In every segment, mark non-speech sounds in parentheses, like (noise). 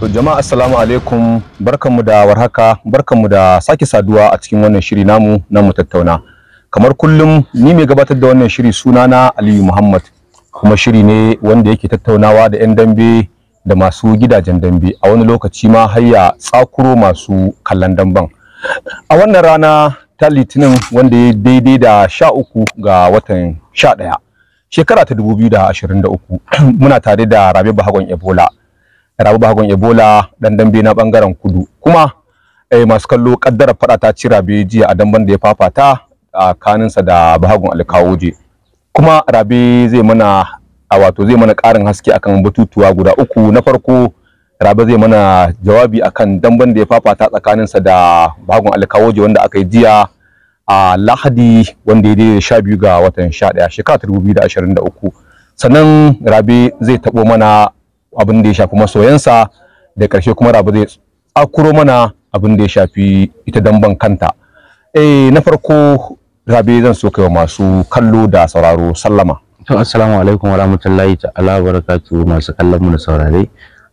To jama'a assalamu alaikum barkanmu da warhaka barkanmu da sake saduwa a cikin wannan shiri namu na mu tattauna. Kamar kullum ni mai gabatar da wannan shiri sunana Aliyu Muhammad kuma shiri ne wanda yake tattaunawa da 'yan dambe da masu gidajen dambe a wani lokaci ma har ya tsakuro masu kallon damben. A wannan rana ta Litinin wanda ya daidai da sha uku ga watan sha ɗaya shekara ta dubu biyu da ashirin da uku muna tare da Rabi Bahagon Ebola. rabu bakon ebola dan dambe na bangaren kudu kuma eh, masu kallo kaddara fada ta ci rabe jiya a damban da ya fafata a kaninsa da bahagun alkawoje kuma rabe zai mana a wato zai mana karin haske akan batutuwa guda uku na farko rabe zai mana jawabi akan damban da ya fafata tsakaninsa da bahagun alkawoje wanda aka yi jiya a lahadi wanda ya daidai sha biyu ga watan sha ɗaya shekara ta dubu sannan rabe zai taɓo mana abin da ya shafi masoyansa da ƙarshe kuma rabu zai tsakuro mana abin da ya shafi ita damban kanta eh na farko rabe zan so kai masu kallo da sauraro sallama to assalamu alaikum warahmatullahi ta'ala barakatuhu masu kallon mu da saurare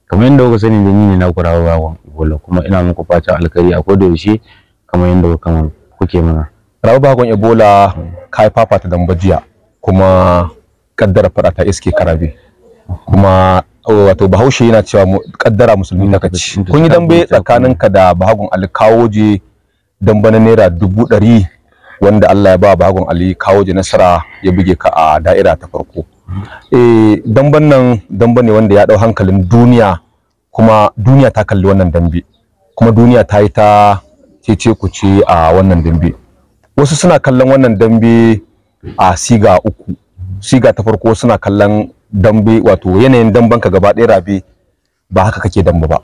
kamar yadda kuka sani da ni ne na kurawa bawan ibola kuma ina muku fata alkhairi a koda yaushe kamar yadda kuka kuke mana rawa bagon ebola kai fafata damba jiya kuma kaddara fada ta iske karabe kuma wato bahaushe yana cewa kaddara musulmi na kaci kun yi dambe tsakaninka da bahagun ali kawoje damba na naira dubu ɗari wanda Allah ya ba bahagun ali kawoje nasara ya buge ka a da'ira ta farko eh damban nan damba ne wanda ya ɗau hankalin duniya kuma duniya ta kalli wannan dambe kuma duniya ta yi ta cece ku ce a wannan dambe wasu suna kallon wannan dambe a siga uku siga ta farko suna kallon dambe wato yanayin damben ka gaba ɗaya rabe ba haka kake dambe ba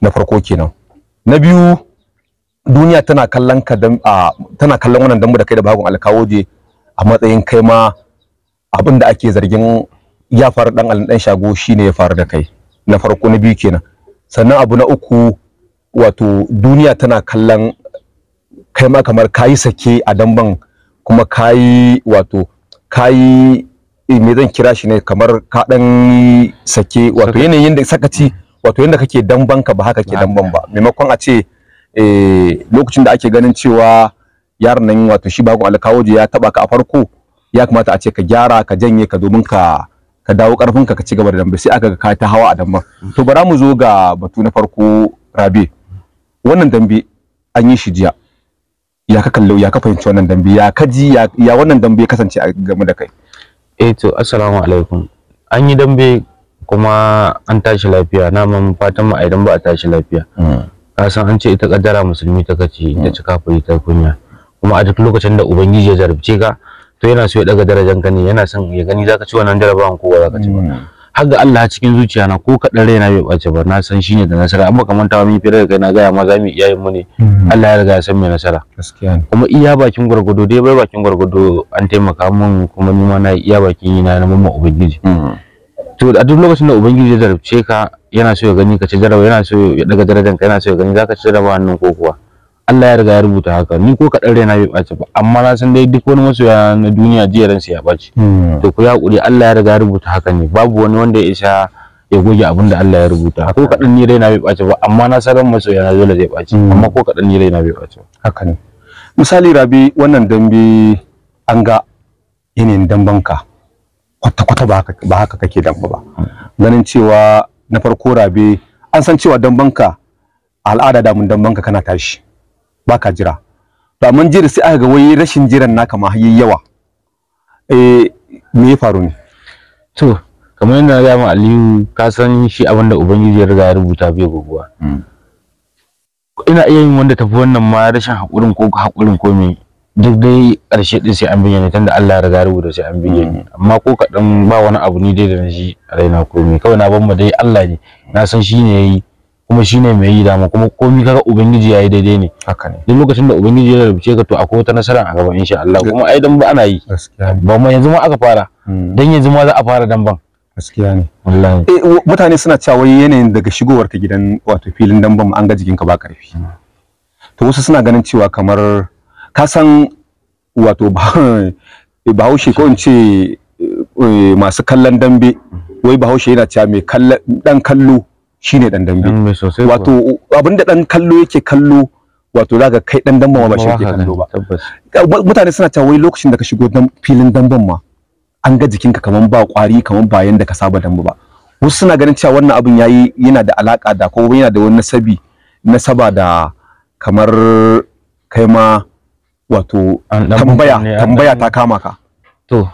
na farko kenan na biyu duniya tana kallon ka tana kallon wannan dambe da kai da bagon je a matsayin kai ma abin da ake zargin ya faru dan alin dan shago shine ya faru da kai na farko na biyu kenan sannan abu na uku wato duniya tana kallon kai ma kamar kayi sake a damban kuma kayi wato kayi Eh, me zan kira shi ne kamar ka dan sake wato yanayin da sakaci hmm. wato yanda kake damban ka ba haka ke damban ba maimakon a ce eh lokacin da ake ganin cewa yaron nan wato shi bakon alkawoje ya taba ka a farko ya kamata a ce ka gyara ka janye ka domin ka ka dawo karfin ka ka ci gaba da dambe sai aka ga ka ta hawa a damban hmm. to bara mu zo ga batu na farko rabe wannan dambe an yi shi jiya ya ka kallo ya ka fahimci wannan dambe ya ka ji ya wannan dambe ya kasance a game da kai eh to assalamu alaikum an yi dambe kuma an tashi lafiya na man fatan ma idan ba a tashi lafiya hmm. ka san an ce ita kaddara musulmi ta kace hmm. ta cika fari ta kunya kuma a duk lokacin da ubangiji ya jarabce ka to yana so ya daga darajar gani, yana son ya gani zaka ci wannan jarabawan kowa ba zaka ci ba hmm. har Allah cikin zuciya na ko kadan raina bai bace ba na san shine da nasara amma kamar ta mun fira da kai na gaya ma za mu iyayen mu ne mhm. Allah ya riga ya san mai nasara kuma iya bakin gwargwado dai bai bakin gwargwado an taimaka mun kuma ni ma na iya bakin yi na na ubangiji mhm. to a duk lokacin da ubangiji ya zarabce ka yana so ya gani ka ci jaraba yana so ya daga darajar ka yana so ya gani zaka ci jaraba hannun ko Allah ya riga ya rubuta haka ni ko kaɗan raina bai ɓaci ba amma na san dai duk wani masoya na duniya jiya sai ya ɓaci hmm. to ku ya haƙuri Allah ya riga ya rubuta haka ne babu wani wanda ya isa ya goge abin da Allah ya rubuta ko kaɗan ni raina bai ɓaci ba amma na san masoya na dole zai ɓaci hmm. amma ko kaɗan ni raina bai ɓaci ba haka ne misali rabi wannan dambe an ga yanayin dambanka kwata-kwata ba haka kake damba ba ganin cewa na farko rabi an san cewa dambanka al'ada damun dambanka kana tashi baka jira to amma jira sai aka ga wai rashin jiran naka ma yayi yawa eh me ya faru ne to kamar yadda ya mu Aliyu ka san shi abinda ubangiji ya riga ya rubuta bai goguwa hmm. ina iya yin wanda tafi wannan ma rashin hakurin ko hakurin ko me duk dai ƙarshe din sai an bayyana tunda Allah ya riga rubuta sai an bayyana hmm. amma ko kaɗan ba wani abu ne dai da na shi a raina komai kawai na ban dai Allah ne na san shi ne yayi kuma shine mai yi dama kuma komai kaga ubangiji yayi daidai ne haka ne duk lokacin da ubangiji ya rubuce ka to akwai wata nasara a gaban insha Allah kuma ai dan ba ana yi ba mu yanzu ma aka fara hmm. dan yanzu ma za a fara damban gaskiya ne wallahi eh mutane suna cewa wai yanayin daga shigowar ka gidan wato filin damban an ga jikinka ba karfi hmm. to wasu suna ganin cewa kamar ka san wato eh, bahaushe ko in ce eh, eh, masu kallon dambe hmm. wai bahaushe yana cewa mai dan kallo shine dan dambe wato abinda dan kallo yake kallo wato zaka kai dan damban ba shi yake kallo ba mutane suna cewa wai lokacin da ka shigo filin damban ma an ga jikinka kaman ba kwari kaman ba yanda ka saba dambe ba wasu suna ganin cewa wannan abin yayi yana da alaka da ko yana da wani nasabi nasaba da kamar kai ma wato tambaya tambaya ta kama ka to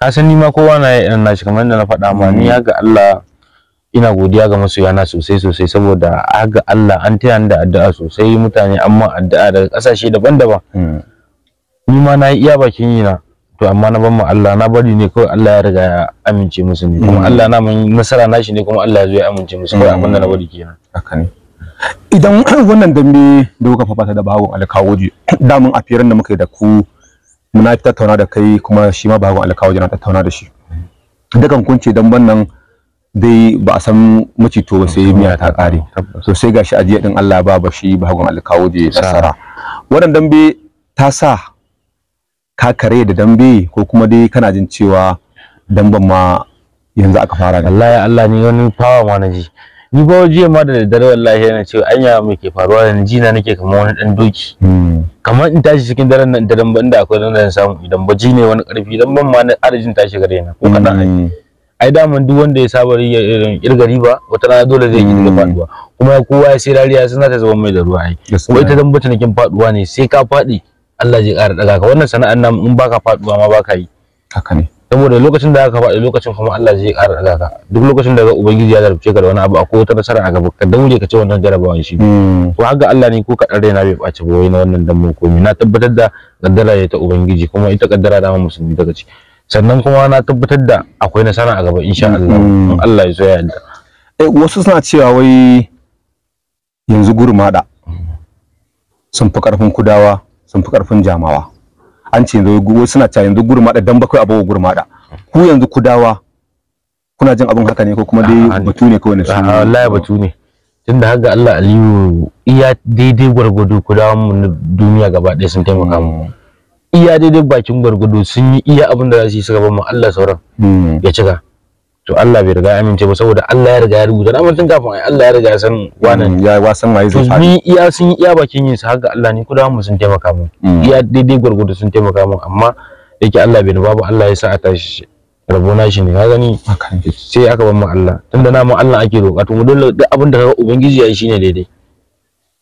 ka san ni ma kowa na na shi kamar da na faɗa ma ni mm. ya ga Allah ina godiya ga masoyana sosai sosai saboda ga Allah an taya ni da addu'a sosai mutane amma addu'a daga kasashe daban-daban hmm. ni ma na yi iya bakin yi na to amma na ban mu Allah na bari ne kawai Allah ya riga ya amince musu ne kuma hmm. Allah na mun nasara na shi ne kuma Allah ya zo ya amince musu kawai abin da na bari kenan haka ne idan (clears throat) wannan dambe da kuka fafata da bahagon alkawoji (clears throat) damun a firin da muka yi da ku muna tattauna da kai kuma shi ma bahagon alkawoji na tattauna da shi dukan kun ce damban nan dai ba a san macito ba sai miya ta kare to sai gashi ajiya din Allah ba ba shi ba hagun alkawo da nasara wannan dambe ta sa ka kare da dambe ko kuma dai kana jin cewa damban ma yanzu aka fara ne Allah ya Allah ni wani fawa ma na ji ni ba jiya ma da daddare wallahi yana cewa anya me ke faruwa da ni jina nake kamar wani dan doki hmm. kamar in tashi cikin daren nan da damban da akwai nan samu idan ba ji ne wani karfi damban ma na arjin tashi gare na ko kana ai daman duk wanda ya saba irga riba wata rana dole zai yi daga hmm. faduwa kuma kowa ya sai rariya suna ta zama mai da ruwa ai kuma ita dan bata nakin faduwa ne sai ka fadi Allah zai ƙara daga ka wannan sana'an nan in baka faduwa ma baka yi haka ne saboda lokacin da aka faɗi lokacin kuma Allah zai ƙara daga ka duk lokacin da ubangiji ya zarfe ka da wani abu akwai wata nasara a gaba ka daure ka ce wannan jarabawan shi to hmm. haka Allah ne ko dare na bai ɓaci ba wai na wannan dan ko komi na tabbatar da kaddara ya ta ubangiji kuma ita kaddara da musulmi daga ciki sannan kuma na tabbatar da akwai nasara a gaba insha mm. Allah in Allah ya so ya yarda eh, wasu suna cewa wai yanzu gurmada sun fi karfin kudawa sun fi karfin jamawa an ce yanzu suna cewa yanzu gurmada dan bakwai abawa gurmada ku yanzu kudawa kuna jin abin haka ne ko kuma dai batu ne kawai na su wallahi batu ne tunda haka Allah aliyu iya daidai gwargwado kudawan mu duniya gaba ɗaya sun taimaka mu iya daidai bakin gwargwado sun yi iya abin da za su yi suka mu Allah sauran hmm. ya cika to Allah bai riga ya amince ba saboda Allah ya riga ya rubuta amma tun kafin ai Allah ya riga ya san wannan hmm, ya wasan waye zai faɗi iya sun yi iya bakin yin su haka Allah ni da mu sun taimaka mu hmm. iya daidai gwargwado sun taimaka mu amma yake Allah bai babu Allah ya sa a tashi rabona shi ne ka gani sai aka bar mu Allah tunda na mu Allah ake roƙa to mu dole duk abin da ubangiji ya yi shine daidai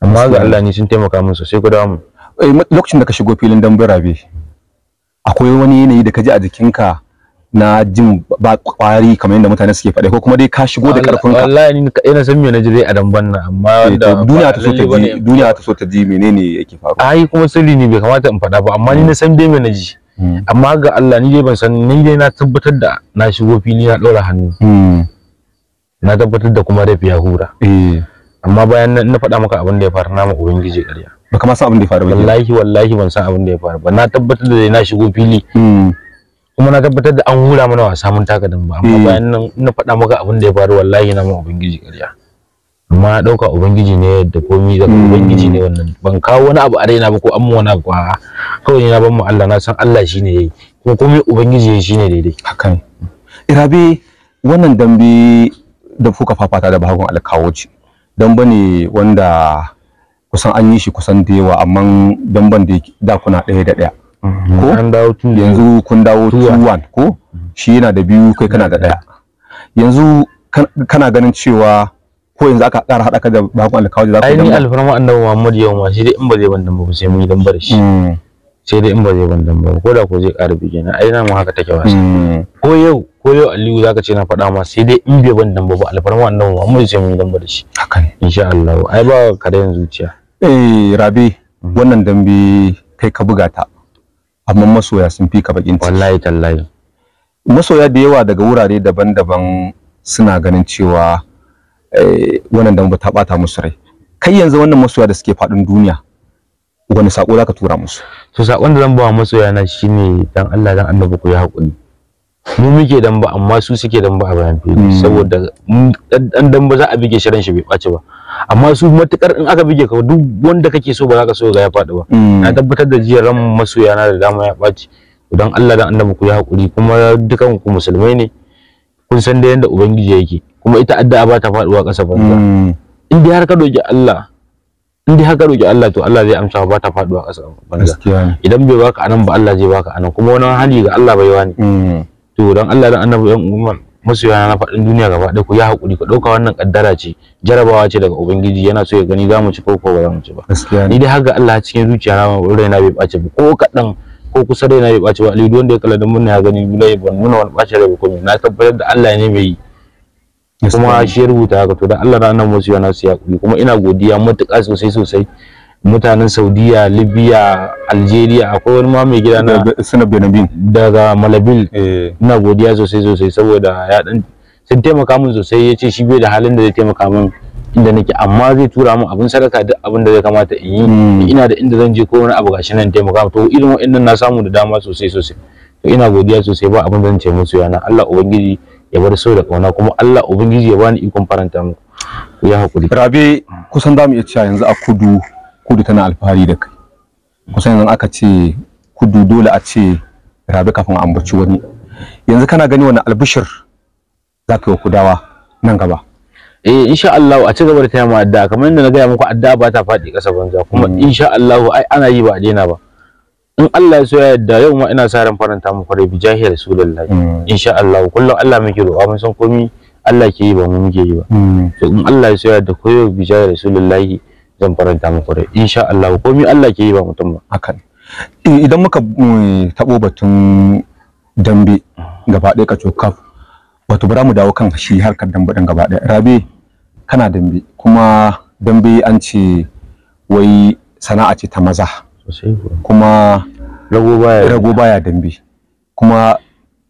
amma ga Allah ne sun taimaka mu sosai ku da mu Eh, lokacin da ka shigo filin dambe rabe akwai wani yanayi da ka ji a jikinka na jin ba kwari kamar yadda mutane suke faɗa ko kuma dai ka shigo da karfin ka wallahi ni ina san me na ji dai a damban nan amma eh, da duniya ta so ta ji duniya ta so ta ji menene yake faruwa ai kuma sirri ne bai kamata in faɗa ba amma ni na san dai me na ji hmm. amma ga Allah ni dai ban san ni dai na tabbatar da na shigo fili na ɗora hannu hmm. na tabbatar da kuma rafi ya hura eh amma bayan na faɗa maka abin da ya faru na ma ubangiji ƙarya baka ma san abin da ya faru ba wallahi wallahi ban san abin da ya faru ba na tabbatar da na shigo fili hmm. kuma na tabbatar da an hura mana wasa mun taka dan ba amma hmm. bayan nan na faɗa maka abin da ya faru wallahi na ma ubangiji ƙarya amma na ɗauka ubangiji ne da komi da hmm. ubangiji ne wannan ban kawo wani abu a raina ba ko an mu wani abu a kawai na ban mu Allah na san Allah shine yayi kuma komai ubangiji shine daidai hakan irabe eh, wannan dambe da fuka fafata da bahagon alkawoci don ne wanda kusan an yi shi kusan da yawa amma ban da da kuna ɗaya da ɗaya mhm. ko yanzu kun dawo tuwan ko shi yana da biyu kai kana da ɗaya yanzu kana ganin cewa ko yanzu aka ƙara haɗa ka da bakon alkawari za ku yi damba. Ainihin alfarma annabi muhammadu yawan ma shi dai in ba zai ban damba ba sai mun yi damba shi. Mm. sai dai in ba zai ban ba ko da ko zai ƙara bige na ai na mu haka take wasa hmm. ko yau ko yau Aliyu zaka ce na faɗa ma sai dai in bai ban dan ba alfarma ba Muhammad sai mun damba da shi haka ne insha Allah ai ba yanzu zuciya eh Rabi hmm. wannan dambe kai ka buga ta amma masoya sun fi ka bakin wallahi tallahi masoya da yawa daga wurare daban-daban suna ganin cewa eh, wannan dambe ta bata musu rai kai yanzu wannan masoya da suke faɗin duniya wani sako zaka tura musu to sakon da zan ba masoya yana shine dan Allah dan Annabi ku yi hakuri mu muke dan ba amma su suke dan ba a bayan fili hmm. saboda dan dan ba za a bige shirin shi bai ɓaci ba amma su matukar in aka bige ka duk wanda kake so ba za ka so ga ya faɗi ba hmm. na tabbatar da jiya ran masoya na da dama ya ɓaci dan Allah dan Annabi ku yi hakuri kuma dukan ku musulmai ne kun san da yanda ubangiji yake kuma ita addu'a ba ta faduwa ƙasa ba. Hmm. in dai har ka doki Allah in dai haka roki Allah to Allah zai amsa ba ta faduwa kasa banza idan bai baka anan ba Allah zai baka anan kuma wani hali ga Allah bai wani mm. to dan Allah dan annabi yan umma masoya na faɗin duniya gaba da ku ya hakuri ku ɗauka wannan kaddara ce jarabawa ce daga ubangiji yana so ya gani za mu ci ko ba za mu ci ba ni dai haka Allah cikin zuciya na raina bai ɓace ba ko kadan ko kusa raina bai ɓace ba alidu wanda ya kalla dan mun ya gani bai ban muna wani ɓace da ba na tabbatar da Allah ne mai yi kuma shi ya rubuta haka to da Allah na nan masu yana su yaƙuri kuma ina godiya matuƙa sosai sosai mutanen Saudiya Libya Algeria akwai wani ma mai gida na suna Benabil daga Malabil eh. ina godiya sosai sosai saboda ya dan sun taimaka min sosai yace shi bai da halin da zai taimaka min inda nake amma zai tura min abin sadaka duk abin da zai kamata in yi hmm. ina da inda zan je ko wani abu gashi nan taimaka to irin waɗannan na samu da dama sosai sosai ina godiya sosai ba abin da zan ce musu yana Allah ubangiji ya bar so da kauna kuma Allah ubangiji ya bani ikon faranta muku ku ya hakuri rabe kusan zamu iya cewa yanzu a kudu kudu tana alfahari da kai kusan yanzu aka ce kudu dole a ce rabe kafin a ambaci wani yanzu kana gani wani albishir za ka yi kudawa nan gaba eh insha Allah a ci gaba da taya mu adda, kamar yadda na gaya muku addu'a ba ta faɗi ƙasa banza kuma mm. insha Allah ai ana yi ba a daina ba in Allah ya so ya yadda yau ma ina sa ran faranta mu rai bi rasulullahi mm. insha Allah kullum Allah muke roƙa mun san komai Allah ke yi ba mu muke yi ba mm. to in Allah ya so ya yadda ko bi bijahi rasulullahi zan faranta mu rai insha Allah komai Allah ke yi ba mutum ba hakan idan muka mm, tabo batun dambe gaba ɗaya kaco kaf wato bara mu dawo kan shi harkar dambe din gaba ɗaya rabe kana dambe kuma dambe an ce wai sana'a ce ta maza kuma rago baya dambe kuma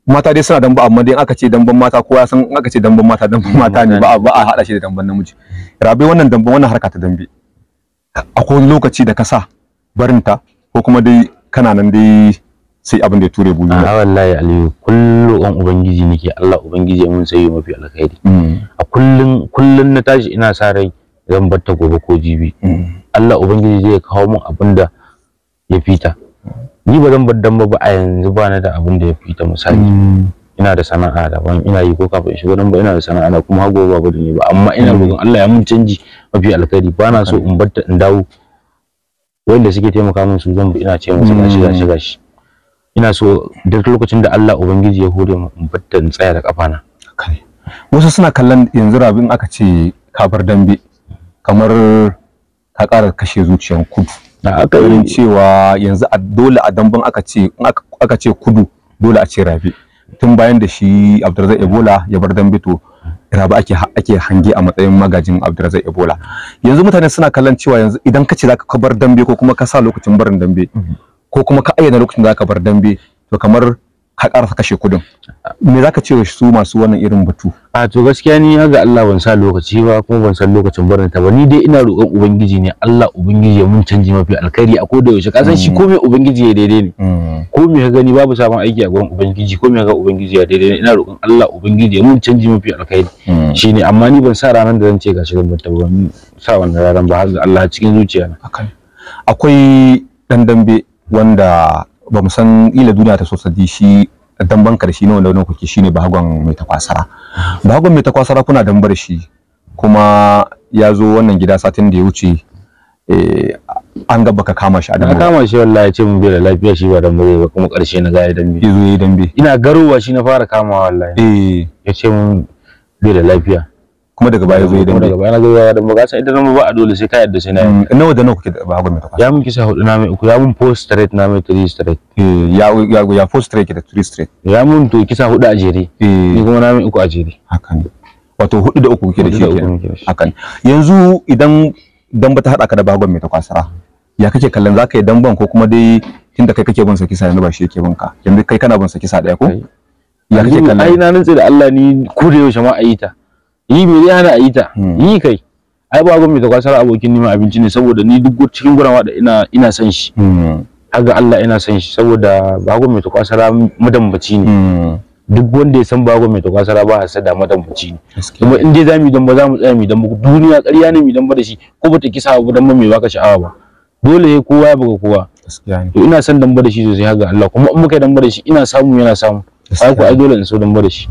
mata dai suna damba amma dai aka ce damban mata kowa san aka ce damban mata damban mata ne ba a hada shi da damban namiji rabe wannan damban wannan harka ta dambe akwai lokaci da ka sa barinta ko kuma dai kana nan dai sai abin da ya ture buli a wallahi aliyu kullu an ubangiji nake Allah ubangiji mun sai mafi alkhairi mm. a kullun kullun na tashi ina sa rai zan bar ta gobe ko jibi mm. Allah ubangiji zai kawo mun abinda. da ya fita ni ba zan bar damba ba a yanzu ba da abin da ya fita misali hmm. ina da sana'a daban ina yi ko kafin shigo nan ba ina da sana'a na kuma hago ba gudu ne ba amma ina hmm. roƙon Allah ya mun canji mafi alkhairi ba na so in batta in dawo wanda suke taimaka min su zan ina ce musu gashi gashi hmm. gashi ina so duk lokacin da Allah ubangiji ya hore mu in batta in tsaya da kafana wasu suna kallon yanzu rabin aka ce kafar dambe kamar ta kara kashe zuciyar kudu aka yi cewa yanzu a dole a damban aka ce aka ce kudu dole a ce rabi tun bayan da shi Abdulrazak Ebola ya bar dambe to rabi ake ake hange a matsayin magajin Abdulrazak Ebola yanzu mutane suna kallon cewa yanzu idan ka ce zaka ka bar dambe ko kuma ka sa lokacin barin dambe mhm. ko kuma ka ayyana lokacin da zaka bar dambe to kamar ka ƙarasa kashe kudin me zaka ce su masu wannan irin batu a to gaskiya ni ga Allah ban sa lokaci ba kuma ban san lokacin barin ta ba ni dai ina roƙon ubangiji ne Allah ubangiji ya mun canji mafi alkhairi a koda yaushe ka san shi mm. komai ubangiji ya daidai ne mm. ko me ka gani babu sabon aiki a gurin ubangiji ko me ka ga ubangiji ya daidai ne ina roƙon Allah ubangiji ya mun canji mafi alkhairi mm. shine amma ni ban sa ranar da zan ce ga ban ta ba sa wannan ranar ba har ga Allah cikin zuciya akwai dan dambe wanda ba mu san ila duniya ta sosa sadi shi dan karshe shi nawa nawa kuke shine bahagon mai takwasara bahagon mai takwasara kuna dan bar shi kuma ya zo wannan gida satin da ya wuce eh, an gaba ka kama shi a dambe kama shi wallahi ce mun bi da lafiya shi ba dambe ba kuma karshe na ga ya dambe yazo yayi dambe ina garowa shi na fara kama wallahi eh ya ce mun bi da lafiya kuma daga baya zai dinga daga baya na zai da magasa idan mu ba a dole sai ka yadda sai na yi mm, nawa da nawa kuke da hagu mai takwas ya mun kisa hudu na mai uku ya mun four straight na mai three straight eh, ya ya ya four straight da three straight ya mun to kisa hudu a jere eh. ni kuma na mai uku a jere haka ne wato hudu da uku kuke da shi kenan haka ne yanzu idan dan ba ta hada ka da bagon mai takwasara ya kake kallon zaka yi damban ko kuma dai tunda kai kake bin sa kisa yanzu ba shi yake bin ka yanzu kai kana bin sa kisa daya ko ya kake kallon ai na nutse da Allah ni ko da yaushe ma ayita yi me yana a yi ta hmm. yi kai ai ba gwamnati kwasar abokin neman abinci ne saboda ni duk cikin gurama da ina ina son shi hmm. haga Allah ina san shi saboda ba gwamnati kwasar madambaci ne hmm. duk wanda ya san ba gwamnati kwasar ba hasa da madambaci ne kuma in dai zamu dan ba zamu tsaya mu dan ba duniya ƙarya ne mu dan ba da shi ko bata kisa ba dan ba mai baka sha'awa ba dole sai kowa ya buga kowa to ina san dan ba da shi sosai haga Allah kuma in muka dan ba da shi ina samu yana samu ai ko ai dole in so dan ba da shi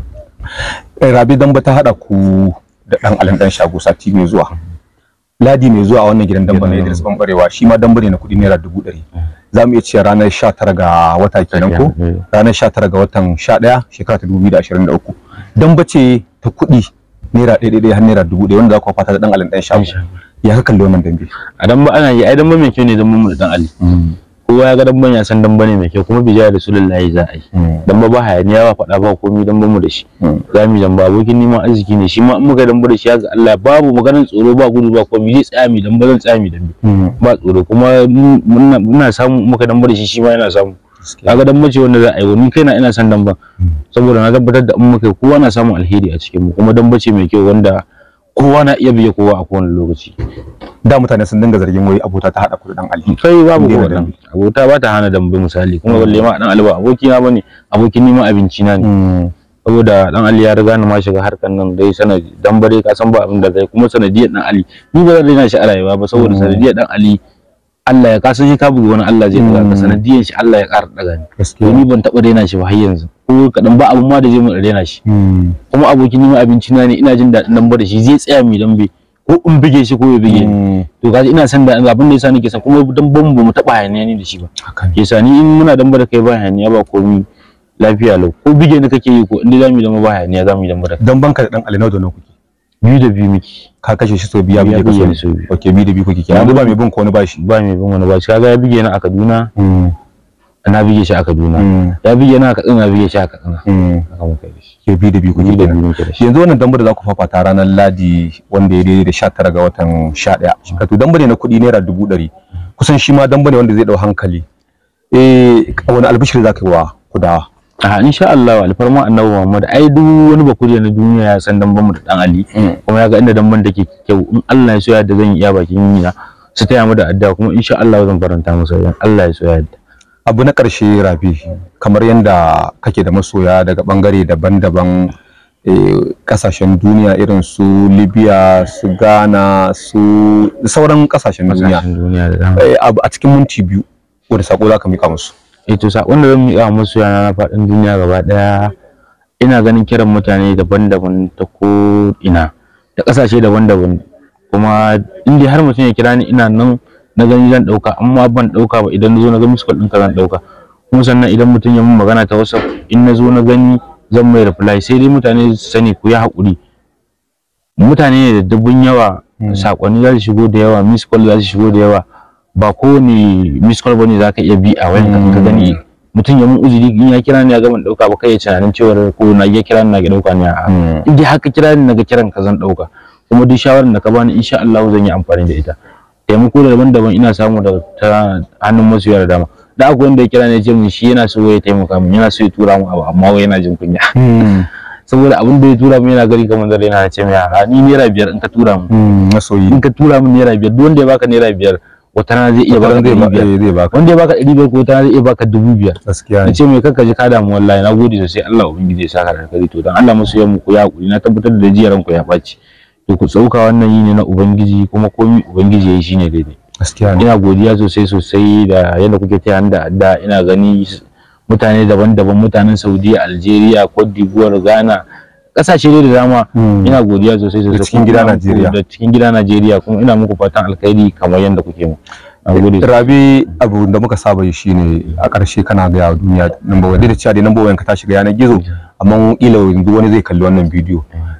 Eh, rabi dan ba ta hada ku da dan alan dan shago sati mai zuwa ladi mai zuwa a wannan gidan damba na Idris barewa shi ma damba ne na kudi naira dubu ɗari eh. za mu iya cewa ranar 19 ga wata kenan ko eh. ranar 19 ga watan 11 shekara ta 2023 damba ce ta kudi naira ɗaya ɗaya har naira dubu ɗaya wanda za ku fata da dan alan dan shago ya ka kalli wannan dambe a damba ana yi ai damba mai kyau ne dan mu da dan ali mm. kowa ya ga damban ya san damban ne mai kyau kuma bija rasulullahi za a yi hmm. damba ba hayaniya ba faɗa ba komai damban mu da shi hmm. za mu damba abokin neman arziki ne shi ma in muka damba da shi ga Allah babu maganar tsoro ba gudu ba komai zai tsaya mi damba zan tsaya mi dambe hmm. ba tsoro kuma muna samu muka damba da shi shi ma yana samu kaga dan mace wanda za a yi wani kaina ina san damban saboda na tabbatar da in muka kowa na samun alheri a cikin mu kuma dan bace mai kyau wanda kowa na iya biye kowa a kowane lokaci da mutane sun dinga zargin wai abota ta hada kudin dan alhi sai babu wannan abota ba ta hana dambe misali kuma balle ma dan alba aboki na bane abokin ma abinci na ne hmm. saboda dan ali ya riga ni ma shiga harkan nan dai sanadi dan bare ka san ba abin da zai kuma sanadiyar dan ali ni ba zan rena shi a rayuwa ba saboda hmm. sanadiyar dan ali Allah ya kasan shi ka bugu wani Allah zai daga ka hmm. sanadiyar shi Allah ya ƙara daga ni to ni ban taɓa daina shi ba har yanzu ko kadan ba abun ma da zai mun daina shi kuma abokin ma abinci na ne ina jin daɗin dan bare shi zai tsaya mi dambe ko in bige shi ko ya bige ni eh. to kaji ina san da abin da yasa nake san kuma dan ban mu taba hayaniya ne da shi ba yasa ni in muna dan bada kai ba hayaniya ba komi lafiya lau ko bige ni kake yi ko inda zamu dan ba hayaniya zamu dan da dan banka da dan alinau na kuke biyu da biyu miki ka kashe shi so biya bige ka so oke biyu da biyu kuke kenan ba mai bin ko wani bashi ba mai bin wani bashi kaga ya bige ni a Kaduna hmm. na bige shi a Kaduna hmm. ya bige ni a Katsina na bige shi a Katsina hmm. haka muka yi ke bi da bi ku da yanzu wannan dambe da za ku fafata ranar ladi wanda ya daidai da 19 ga watan 11 mm. wato dambe ne na kuɗi naira dubu ɗari kusan shi ma dambe ne wanda zai ɗau hankali eh wani albishir za ka yi wa kudawa a ah, insha Allah alfarma annabi Muhammad ai duk wani bakuri na duniya ya san damban mu da dan Ali mm. kuma ya ga inda damban da ke kyau in Allah ya so ya da zan iya bakin yina su taya mu da addu'a kuma insha Allah zan faranta musu Allah ya so ya da abu na ƙarshe rafi kamar yadda kake da masoya daga ɓangare daban-daban eh, ƙasashen duniya irin su libya su ghana su sauran ƙasashen duniya eh, a cikin minti biyu wani saƙo za ka mika musu eh, to saƙon da zan miƙa musu yana na faɗin duniya gaba ɗaya ina ganin kiran mutane daban-daban ta ko ina da ƙasashe daban-daban kuma inda har mutum ya kira ni ina nan na gani zan ɗauka amma ban dauka ba idan nazo na ga miss call ka zan ɗauka kuma sannan idan mutum ya mun magana ta whatsapp in na zo na gani zan mai reply sai dai mutane su sani ku yi haƙuri mutane ne da dubun yawa hmm. sakonni za su shigo da yawa miss call za su shigo da yawa ba kowane miss call bane zaka iya bi a wayan ka gani hmm. mutum ya mun uzuri in ya kira ni ya ga ban dauka ba kai ya tunanin cewa ko na ya kira ni na ga dauka ni a hmm. in dai haka kira ni na ga kiran ka zan dauka kuma duk shawaran da ka bani insha Allah zan yi amfani da ita taimako daban-daban ina samu daga ta hannun masoya da dama da akwai wanda ya kira ne ce mun shi yana so ya taimaka mun yana so ya tura mu abu amma wai yana jin kunya hmm. (laughs) saboda abin da ya tura mun yana gari kamar dare yana ce mai yara ni naira biyar in ka tura mun hmm, masoyi in ka tura mun naira biyar duk wanda ya baka naira biyar wata rana zai iya baka dubu biyar eh, wanda ya baka ɗari biyar ko wata rana zai iya baka dubu biyar ne ce mai kanka ji ka damu wallahi na gode sosai Allah ubangiji ya saka da alkhairi to dan Allah masoyan mu ku ya hakuri na tabbatar da jiyaran ku ya ɓaci to ku tsauka wannan yi ne na ubangiji kuma komi ubangiji ya yi shi ne daidai gaskiya ina godiya sosai sosai da yadda kuke taya da adda ina gani mutane daban-daban mutanen Saudiya Algeria Cote d'Ivoire Ghana kasashe dai da dama hmm. ina godiya sosai sosai cikin gida Najeriya da cikin gida Najeriya kuma ina muku fatan alkhairi kamar yadda kuke mu Rabi abu da muka saba yi shine a ƙarshe kana ga duniya number 1 da cewa dai number 1 ka tashi ga yanar gizo hmm. amma kila yanzu wani zai kalli wannan bidiyo hmm.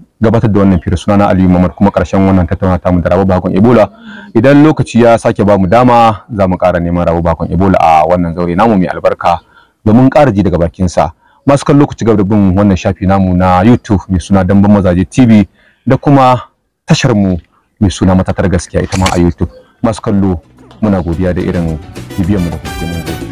gabatar da wannan fira sunana Aliyu Muhammad kuma karshen wannan tattauna ta da rabo Bakon Ebola idan lokaci ya sake ba mu dama za mu ƙara neman rabo Bakon Ebola a wannan zaure namu mai albarka domin ƙara ji daga bakin sa masu kallo ku ci gaba da bin wannan shafi namu na YouTube mai suna Damban Mazaje TV da kuma tashar mu mai suna Matatar Gaskiya ita ma a YouTube masu kallo muna godiya da irin bibiyar mu da kuke mun gode